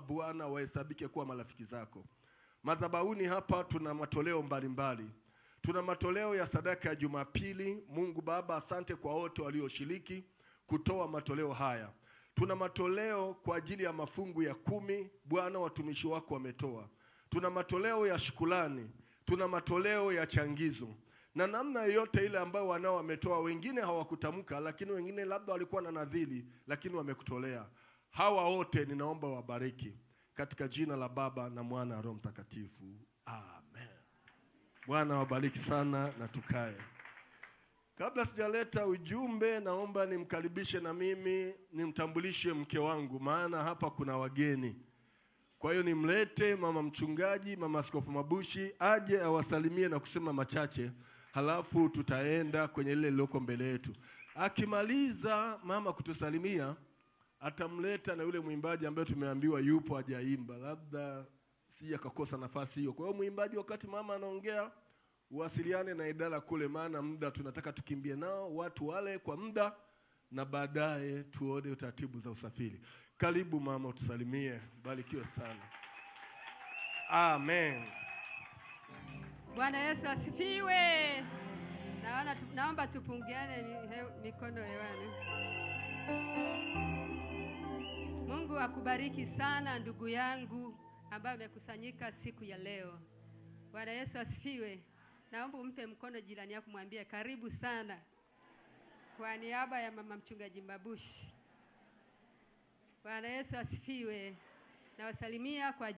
bwana wahesabike kuwa marafiki zako. Madhabahuni hapa tuna matoleo mbalimbali mbali. Tuna matoleo ya sadaka ya Jumapili. Mungu Baba, asante kwa wote walioshiriki kutoa matoleo haya. Tuna matoleo kwa ajili ya mafungu ya kumi. Bwana, watumishi wako wametoa. Tuna matoleo ya shukulani, tuna matoleo ya changizo na namna yoyote ile ambayo wanao wametoa. Wengine hawakutamka, lakini wengine labda walikuwa na nadhili lakini wamekutolea. Hawa wote ninaomba wabariki katika jina la Baba na Mwana na Roho Mtakatifu, amen. Bwana wabariki sana, na tukae. Kabla sijaleta ujumbe, naomba nimkaribishe na mimi nimtambulishe mke wangu, maana hapa kuna wageni. Kwa hiyo nimlete mama mchungaji, mama Askofu Mabushi aje awasalimie na kusema machache, halafu tutaenda kwenye lile lililoko mbele yetu. Akimaliza mama kutusalimia atamleta na yule mwimbaji ambaye tumeambiwa yupo hajaimba, labda si akakosa nafasi hiyo. Kwa hiyo mwimbaji, wakati mama anaongea, uwasiliane na idara kule, maana muda tunataka tukimbie nao watu wale kwa muda, na baadaye tuone taratibu za usafiri. Karibu mama, utusalimie. Barikiwe sana. Amen. Bwana Yesu asifiwe. Naona, naomba tupungiane mikono hewani akubariki sana ndugu yangu ambayo amekusanyika siku ya leo. Bwana Yesu asifiwe. Naomba umpe mkono jirani yako mwambie karibu sana. Kwa niaba ya mama mchungaji mabushi Bwana Yesu asifiwe. Nawasalimia kwa